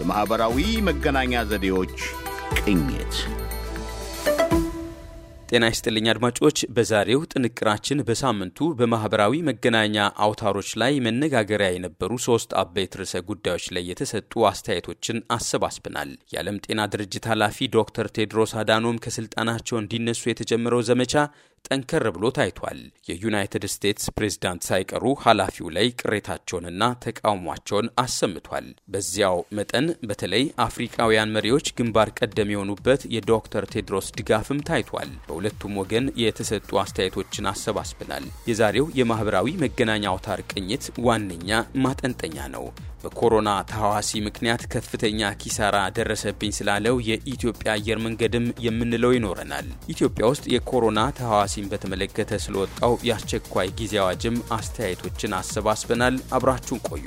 የማኅበራዊ መገናኛ ዘዴዎች ቅኝት። ጤና ይስጥልኝ አድማጮች። በዛሬው ጥንቅራችን በሳምንቱ በማኅበራዊ መገናኛ አውታሮች ላይ መነጋገሪያ የነበሩ ሶስት አበይት ርዕሰ ጉዳዮች ላይ የተሰጡ አስተያየቶችን አሰባስብናል። የዓለም ጤና ድርጅት ኃላፊ ዶክተር ቴድሮስ አዳኖም ከሥልጣናቸው እንዲነሱ የተጀመረው ዘመቻ ጠንከር ብሎ ታይቷል። የዩናይትድ ስቴትስ ፕሬዝዳንት ሳይቀሩ ኃላፊው ላይ ቅሬታቸውንና ተቃውሟቸውን አሰምቷል። በዚያው መጠን በተለይ አፍሪካውያን መሪዎች ግንባር ቀደም የሆኑበት የዶክተር ቴድሮስ ድጋፍም ታይቷል። በሁለቱም ወገን የተሰጡ አስተያየቶችን አሰባስብናል። የዛሬው የማህበራዊ መገናኛ አውታር ቅኝት ዋነኛ ማጠንጠኛ ነው። በኮሮና ተሐዋሲ ምክንያት ከፍተኛ ኪሳራ ደረሰብኝ ስላለው የኢትዮጵያ አየር መንገድም የምንለው ይኖረናል። ኢትዮጵያ ውስጥ የኮሮና ተሐዋሲን በተመለከተ ስለወጣው የአስቸኳይ ጊዜ አዋጅም አስተያየቶችን አሰባስበናል። አብራችሁን ቆዩ።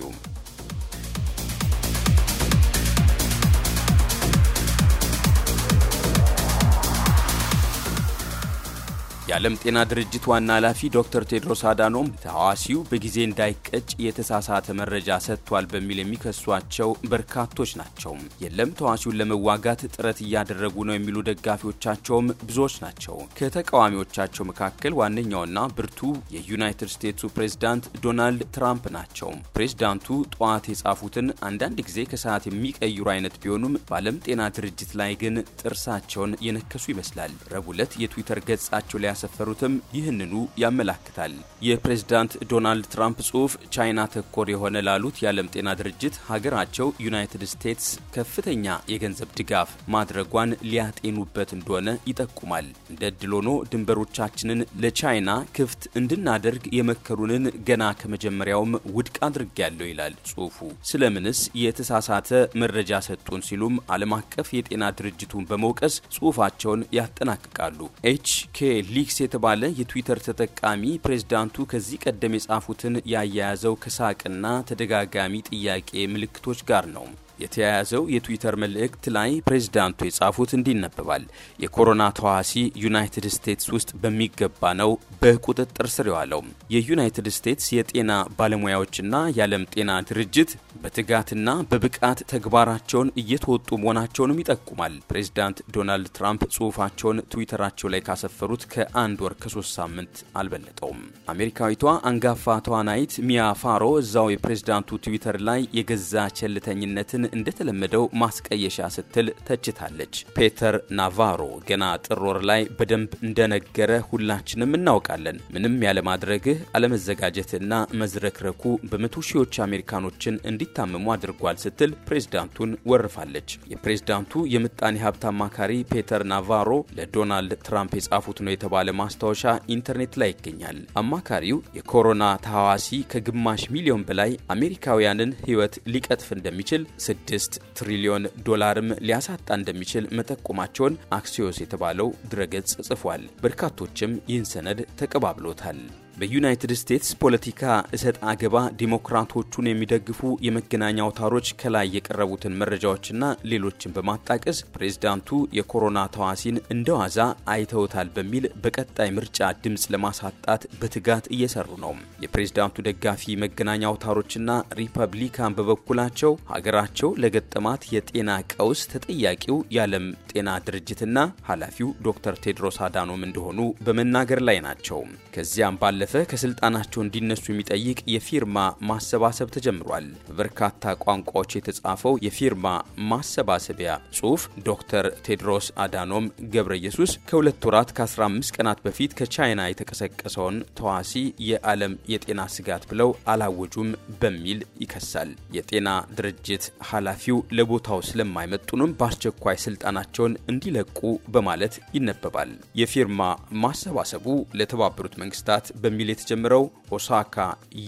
የዓለም ጤና ድርጅት ዋና ኃላፊ ዶክተር ቴድሮስ አዳኖም ተዋሲው በጊዜ እንዳይቀጭ የተሳሳተ መረጃ ሰጥቷል በሚል የሚከሷቸው በርካቶች ናቸው። የለም ተዋሲውን ለመዋጋት ጥረት እያደረጉ ነው የሚሉ ደጋፊዎቻቸውም ብዙዎች ናቸው። ከተቃዋሚዎቻቸው መካከል ዋነኛውና ብርቱ የዩናይትድ ስቴትሱ ፕሬዝዳንት ዶናልድ ትራምፕ ናቸው። ፕሬዚዳንቱ ጠዋት የጻፉትን አንዳንድ ጊዜ ከሰዓት የሚቀይሩ አይነት ቢሆኑም በዓለም ጤና ድርጅት ላይ ግን ጥርሳቸውን የነከሱ ይመስላል። ረቡዕ ዕለት የትዊተር ገጻቸው ላይ ያሰፈሩትም ይህንኑ ያመላክታል። የፕሬዝዳንት ዶናልድ ትራምፕ ጽሑፍ ቻይና ተኮር የሆነ ላሉት የዓለም ጤና ድርጅት ሀገራቸው ዩናይትድ ስቴትስ ከፍተኛ የገንዘብ ድጋፍ ማድረጓን ሊያጤኑበት እንደሆነ ይጠቁማል። እንደ ዕድል ሆኖ ድንበሮቻችንን ለቻይና ክፍት እንድናደርግ የመከሩንን ገና ከመጀመሪያውም ውድቅ አድርጌያለሁ ይላል ጽሑፉ። ስለምንስ የተሳሳተ መረጃ ሰጡን ሲሉም ዓለም አቀፍ የጤና ድርጅቱን በመውቀስ ጽሑፋቸውን ያጠናቅቃሉ። ኤች ኬ ሊክስ የተባለ የትዊተር ተጠቃሚ ፕሬዝዳንቱ ከዚህ ቀደም የጻፉትን ያያያዘው ከሳቅና ተደጋጋሚ ጥያቄ ምልክቶች ጋር ነው። የተያያዘው የትዊተር መልእክት ላይ ፕሬዝዳንቱ የጻፉት እንዲህ ይነበባል። የኮሮና ተዋሲ ዩናይትድ ስቴትስ ውስጥ በሚገባ ነው በቁጥጥር ስር የዋለው። የዩናይትድ ስቴትስ የጤና ባለሙያዎችና የዓለም ጤና ድርጅት በትጋትና በብቃት ተግባራቸውን እየተወጡ መሆናቸውንም ይጠቁማል። ፕሬዝዳንት ዶናልድ ትራምፕ ጽሑፋቸውን ትዊተራቸው ላይ ካሰፈሩት ከአንድ ወር ከሶስት ሳምንት አልበለጠውም። አሜሪካዊቷ አንጋፋ ተዋናይት ሚያ ፋሮ እዛው የፕሬዝዳንቱ ትዊተር ላይ የገዛ ቸልተኝነትን እንደተለመደው ማስቀየሻ ስትል ተችታለች። ፔተር ናቫሮ ገና ጥር ወር ላይ በደንብ እንደነገረ ሁላችንም እናውቃለን። ምንም ያለማድረግህ አለመዘጋጀትና መዝረክረኩ በመቶ ሺዎች አሜሪካኖችን እንዲታመሙ አድርጓል ስትል ፕሬዝዳንቱን ወርፋለች። የፕሬዝዳንቱ የምጣኔ ሀብት አማካሪ ፔተር ናቫሮ ለዶናልድ ትራምፕ የጻፉት ነው የተባለ ማስታወሻ ኢንተርኔት ላይ ይገኛል። አማካሪው የኮሮና ተሐዋሲ ከግማሽ ሚሊዮን በላይ አሜሪካውያንን ሕይወት ሊቀጥፍ እንደሚችል ስድስት ትሪሊዮን ዶላርም ሊያሳጣ እንደሚችል መጠቆማቸውን አክሲዮስ የተባለው ድረገጽ ጽፏል። በርካቶችም ይህን ሰነድ ተቀባብሎታል። በዩናይትድ ስቴትስ ፖለቲካ እሰጥ አገባ ዲሞክራቶቹን የሚደግፉ የመገናኛ አውታሮች ከላይ የቀረቡትን መረጃዎችና ሌሎችን በማጣቀስ ፕሬዝዳንቱ የኮሮና ተዋሲን እንደ ዋዛ አይተውታል በሚል በቀጣይ ምርጫ ድምፅ ለማሳጣት በትጋት እየሰሩ ነው። የፕሬዝዳንቱ ደጋፊ መገናኛ አውታሮችና ሪፐብሊካን በበኩላቸው ሀገራቸው ለገጠማት የጤና ቀውስ ተጠያቂው የዓለም ጤና ድርጅትና ኃላፊው ዶክተር ቴድሮስ አዳኖም እንደሆኑ በመናገር ላይ ናቸው። ከዚያም ባለ ባለፈ ከስልጣናቸው እንዲነሱ የሚጠይቅ የፊርማ ማሰባሰብ ተጀምሯል። በበርካታ ቋንቋዎች የተጻፈው የፊርማ ማሰባሰቢያ ጽሁፍ ዶክተር ቴድሮስ አዳኖም ገብረ ኢየሱስ ከሁለት ወራት ከ15 ቀናት በፊት ከቻይና የተቀሰቀሰውን ተዋሲ የዓለም የጤና ስጋት ብለው አላወጁም በሚል ይከሳል። የጤና ድርጅት ኃላፊው ለቦታው ስለማይመጡንም በአስቸኳይ ስልጣናቸውን እንዲለቁ በማለት ይነበባል። የፊርማ ማሰባሰቡ ለተባበሩት መንግስታት በ በሚል የተጀመረው ኦሳካ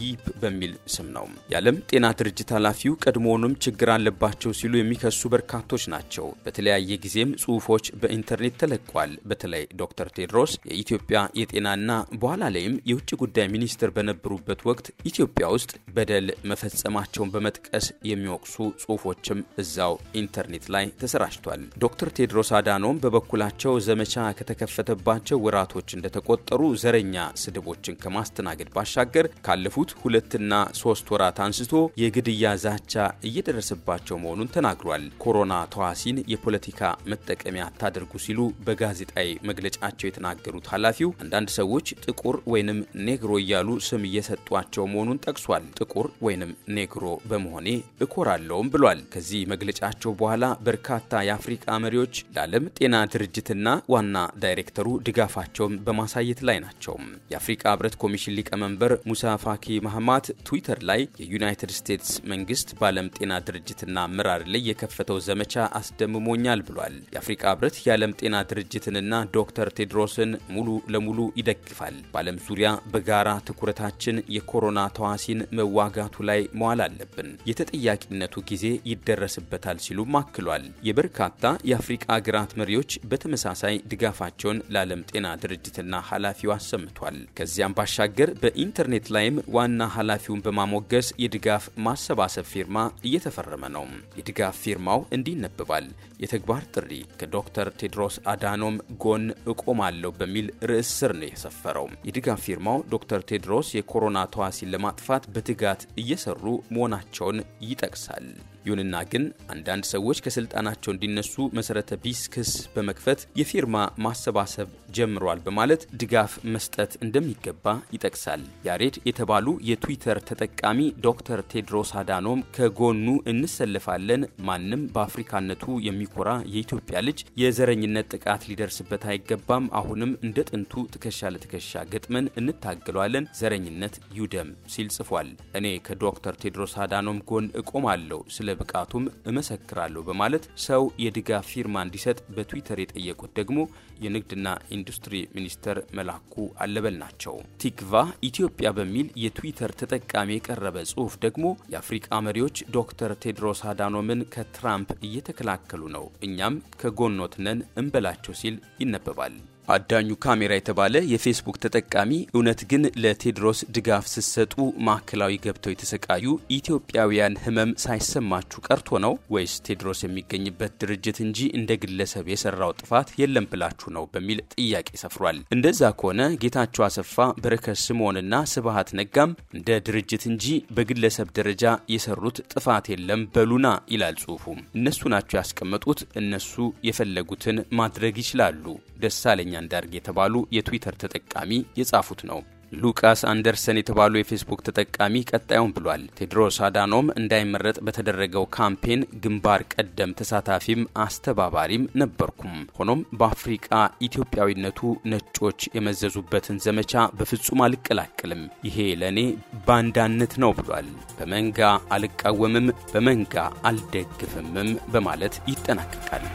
ይፕ በሚል ስም ነው። የዓለም ጤና ድርጅት ኃላፊው ቀድሞውንም ችግር አለባቸው ሲሉ የሚከሱ በርካቶች ናቸው። በተለያየ ጊዜም ጽሁፎች በኢንተርኔት ተለቋል። በተለይ ዶክተር ቴድሮስ የኢትዮጵያ የጤናና በኋላ ላይም የውጭ ጉዳይ ሚኒስትር በነበሩበት ወቅት ኢትዮጵያ ውስጥ በደል መፈጸማቸውን በመጥቀስ የሚወቅሱ ጽሁፎችም እዛው ኢንተርኔት ላይ ተሰራጭቷል። ዶክተር ቴድሮስ አዳኖም በበኩላቸው ዘመቻ ከተከፈተባቸው ወራቶች እንደተቆጠሩ ዘረኛ ስድቦች ጥቃቶችን ከማስተናገድ ባሻገር ካለፉት ሁለትና ሶስት ወራት አንስቶ የግድያ ዛቻ እየደረሰባቸው መሆኑን ተናግሯል። ኮሮና ተዋሲን የፖለቲካ መጠቀሚያ አታደርጉ ሲሉ በጋዜጣዊ መግለጫቸው የተናገሩት ኃላፊው አንዳንድ ሰዎች ጥቁር ወይንም ኔግሮ እያሉ ስም እየሰጧቸው መሆኑን ጠቅሷል። ጥቁር ወይንም ኔግሮ በመሆኔ እኮራለውም ብሏል። ከዚህ መግለጫቸው በኋላ በርካታ የአፍሪቃ መሪዎች ለዓለም ጤና ድርጅትና ዋና ዳይሬክተሩ ድጋፋቸውን በማሳየት ላይ ናቸው። የአፍሪቃ ህብረት ኮሚሽን ሊቀመንበር ሙሳ ፋኪ ማህማት ትዊተር ላይ የዩናይትድ ስቴትስ መንግስት በዓለም ጤና ድርጅትና ምራር ላይ የከፈተው ዘመቻ አስደምሞኛል ብሏል። የአፍሪካ ህብረት የዓለም ጤና ድርጅትንና ዶክተር ቴድሮስን ሙሉ ለሙሉ ይደግፋል። በዓለም ዙሪያ በጋራ ትኩረታችን የኮሮና ተዋሲን መዋጋቱ ላይ መዋል አለብን። የተጠያቂነቱ ጊዜ ይደረስበታል ሲሉም አክሏል። የበርካታ የአፍሪቃ ሀገራት መሪዎች በተመሳሳይ ድጋፋቸውን ለዓለም ጤና ድርጅትና ኃላፊው አሰምቷል። ከዚያም ከዛም ባሻገር በኢንተርኔት ላይም ዋና ኃላፊውን በማሞገስ የድጋፍ ማሰባሰብ ፊርማ እየተፈረመ ነው። የድጋፍ ፊርማው እንዲህ ይነበባል። የተግባር ጥሪ ከዶክተር ቴድሮስ አዳኖም ጎን እቆማለሁ በሚል ርዕስ ስር ነው የሰፈረው። የድጋፍ ፊርማው ዶክተር ቴድሮስ የኮሮና ተዋሲን ለማጥፋት በትጋት እየሰሩ መሆናቸውን ይጠቅሳል። ይሁንና ግን አንዳንድ ሰዎች ከስልጣናቸው እንዲነሱ መሰረተ ቢስ ክስ በመክፈት የፊርማ ማሰባሰብ ጀምሯል በማለት ድጋፍ መስጠት እንደሚገባ ይጠቅሳል። ያሬድ የተባሉ የትዊተር ተጠቃሚ ዶክተር ቴድሮስ አዳኖም ከጎኑ እንሰልፋለን፣ ማንም በአፍሪካነቱ የሚኮራ የኢትዮጵያ ልጅ የዘረኝነት ጥቃት ሊደርስበት አይገባም፣ አሁንም እንደ ጥንቱ ትከሻ ለትከሻ ገጥመን እንታገሏለን፣ ዘረኝነት ይውደም ሲል ጽፏል። እኔ ከዶክተር ቴድሮስ አዳኖም ጎን እቆማለሁ ስለ ስለ ብቃቱም እመሰክራለሁ በማለት ሰው የድጋፍ ፊርማ እንዲሰጥ በትዊተር የጠየቁት ደግሞ የንግድና ኢንዱስትሪ ሚኒስተር መላኩ አለበል ናቸው። ቲክቫ ኢትዮጵያ በሚል የትዊተር ተጠቃሚ የቀረበ ጽሁፍ ደግሞ የአፍሪቃ መሪዎች ዶክተር ቴድሮስ አዳኖምን ከትራምፕ እየተከላከሉ ነው፣ እኛም ከጎኖት ነን እንበላቸው ሲል ይነበባል። አዳኙ ካሜራ የተባለ የፌስቡክ ተጠቃሚ እውነት ግን ለቴድሮስ ድጋፍ ስትሰጡ ማዕከላዊ ገብተው የተሰቃዩ ኢትዮጵያውያን ሕመም ሳይሰማችሁ ቀርቶ ነው ወይስ ቴድሮስ የሚገኝበት ድርጅት እንጂ እንደ ግለሰብ የሰራው ጥፋት የለም ብላችሁ ነው በሚል ጥያቄ ሰፍሯል። እንደዛ ከሆነ ጌታቸው አሰፋ፣ በረከት ስምዖንና ስብሀት ነጋም እንደ ድርጅት እንጂ በግለሰብ ደረጃ የሰሩት ጥፋት የለም በሉና ይላል ጽሁፉም። እነሱ ናቸው ያስቀመጡት፣ እነሱ የፈለጉትን ማድረግ ይችላሉ። ደሳለኝ ዳግመኛ አንዳርጌ የተባሉ የትዊተር ተጠቃሚ የጻፉት ነው። ሉቃስ አንደርሰን የተባሉ የፌስቡክ ተጠቃሚ ቀጣዩን ብሏል። ቴድሮስ አዳኖም እንዳይመረጥ በተደረገው ካምፔን ግንባር ቀደም ተሳታፊም አስተባባሪም ነበርኩም። ሆኖም በአፍሪቃ ኢትዮጵያዊነቱ ነጮች የመዘዙበትን ዘመቻ በፍጹም አልቀላቅልም፣ ይሄ ለእኔ ባንዳነት ነው ብሏል። በመንጋ አልቃወምም፣ በመንጋ አልደግፍምም በማለት ይጠናቀቃል።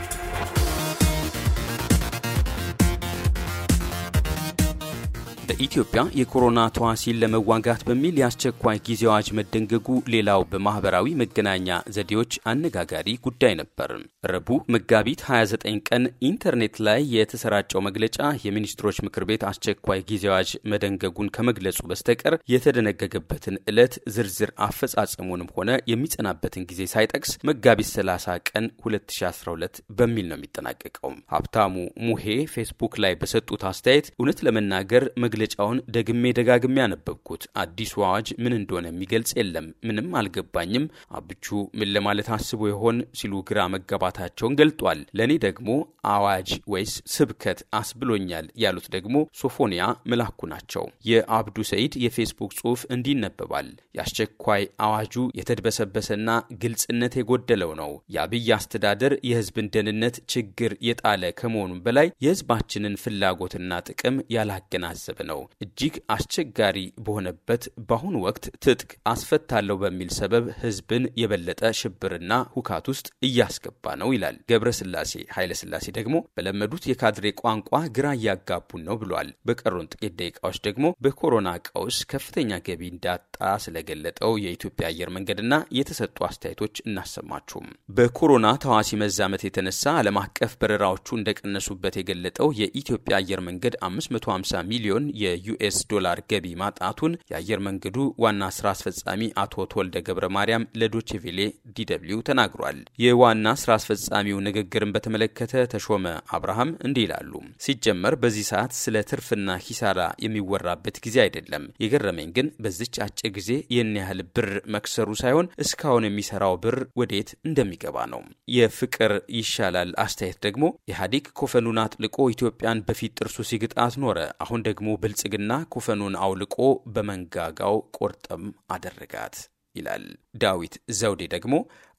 በኢትዮጵያ የኮሮና ተዋሲን ለመዋጋት በሚል የአስቸኳይ ጊዜ አዋጅ መደንገጉ ሌላው በማህበራዊ መገናኛ ዘዴዎች አነጋጋሪ ጉዳይ ነበር። ረቡዕ መጋቢት 29 ቀን ኢንተርኔት ላይ የተሰራጨው መግለጫ የሚኒስትሮች ምክር ቤት አስቸኳይ ጊዜ አዋጅ መደንገጉን ከመግለጹ በስተቀር የተደነገገበትን ዕለት ዝርዝር አፈጻጸሙንም ሆነ የሚጸናበትን ጊዜ ሳይጠቅስ መጋቢት 30 ቀን 2012 በሚል ነው የሚጠናቀቀው። ሀብታሙ ሙሄ ፌስቡክ ላይ በሰጡት አስተያየት እውነት ለመናገር መግለጫውን ደግሜ ደጋግሜ ያነበብኩት አዲሱ አዋጅ ምን እንደሆነ የሚገልጽ የለም። ምንም አልገባኝም። አብቹ ምን ለማለት አስቦ ይሆን ሲሉ ግራ መጋባታቸውን ገልጧል። ለእኔ ደግሞ አዋጅ ወይስ ስብከት አስብሎኛል ያሉት ደግሞ ሶፎንያ መላኩ ናቸው። የአብዱ ሰይድ የፌስቡክ ጽሑፍ እንዲህ ይነበባል። የአስቸኳይ አዋጁ የተድበሰበሰና ግልጽነት የጎደለው ነው። የአብይ አስተዳደር የህዝብን ደህንነት ችግር የጣለ ከመሆኑም በላይ የህዝባችንን ፍላጎትና ጥቅም ያላገናዘበ ነው። እጅግ አስቸጋሪ በሆነበት በአሁኑ ወቅት ትጥቅ አስፈታለሁ በሚል ሰበብ ህዝብን የበለጠ ሽብርና ሁካት ውስጥ እያስገባ ነው ይላል። ገብረስላሴ ኃይለስላሴ ደግሞ በለመዱት የካድሬ ቋንቋ ግራ እያጋቡን ነው ብሏል። በቀሩን ጥቂት ደቂቃዎች ደግሞ በኮሮና ቀውስ ከፍተኛ ገቢ እንዳጣ ስለገለጠው የኢትዮጵያ አየር መንገድና የተሰጡ አስተያየቶች እናሰማችሁም። በኮሮና ተዋሲ መዛመት የተነሳ ዓለም አቀፍ በረራዎቹ እንደቀነሱበት የገለጠው የኢትዮጵያ አየር መንገድ 550 ሚሊዮን የዩኤስ ዶላር ገቢ ማጣቱን የአየር መንገዱ ዋና ስራ አስፈጻሚ አቶ ተወልደ ገብረ ማርያም ለዶቼቬሌ ዲደብሊው ተናግሯል። የዋና ስራ አስፈጻሚው ንግግርን በተመለከተ ተሾመ አብርሃም እንዲህ ይላሉ። ሲጀመር በዚህ ሰዓት ስለ ትርፍና ኪሳራ የሚወራበት ጊዜ አይደለም። የገረመኝ ግን በዚች አጭር ጊዜ ይህን ያህል ብር መክሰሩ ሳይሆን እስካሁን የሚሰራው ብር ወዴት እንደሚገባ ነው። የፍቅር ይሻላል አስተያየት ደግሞ ኢህአዴግ ኮፈኑን አጥልቆ ኢትዮጵያን በፊት ጥርሱ ሲግጣት ኖረ። አሁን ደግሞ ብልጽግና ኩፈኑን አውልቆ በመንጋጋው ቁርጥም አደረጋት ይላል። ዳዊት ዘውዴ ደግሞ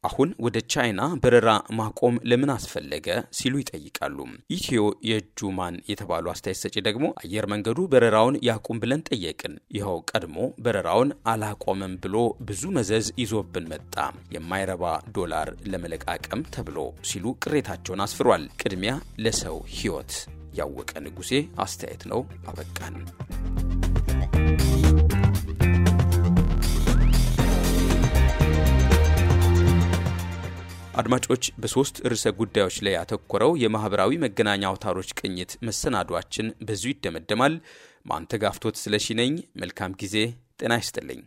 አሁን ወደ ቻይና በረራ ማቆም ለምን አስፈለገ ሲሉ ይጠይቃሉ። ኢትዮ የጁማን የተባሉ አስተያየት ሰጪ ደግሞ አየር መንገዱ በረራውን ያቁም ብለን ጠየቅን፣ ይኸው ቀድሞ በረራውን አላቆምም ብሎ ብዙ መዘዝ ይዞብን መጣ፣ የማይረባ ዶላር ለመለቃቀም ተብሎ ሲሉ ቅሬታቸውን አስፍሯል። ቅድሚያ ለሰው ሕይወት ያወቀ ንጉሴ አስተያየት ነው። አበቃን። አድማጮች በሶስት ርዕሰ ጉዳዮች ላይ ያተኮረው የማህበራዊ መገናኛ አውታሮች ቅኝት መሰናዷችን በዙ ይደመደማል። ማንተጋፍቶት ስለሺ ነኝ። መልካም ጊዜ። ጤና ይስጥልኝ።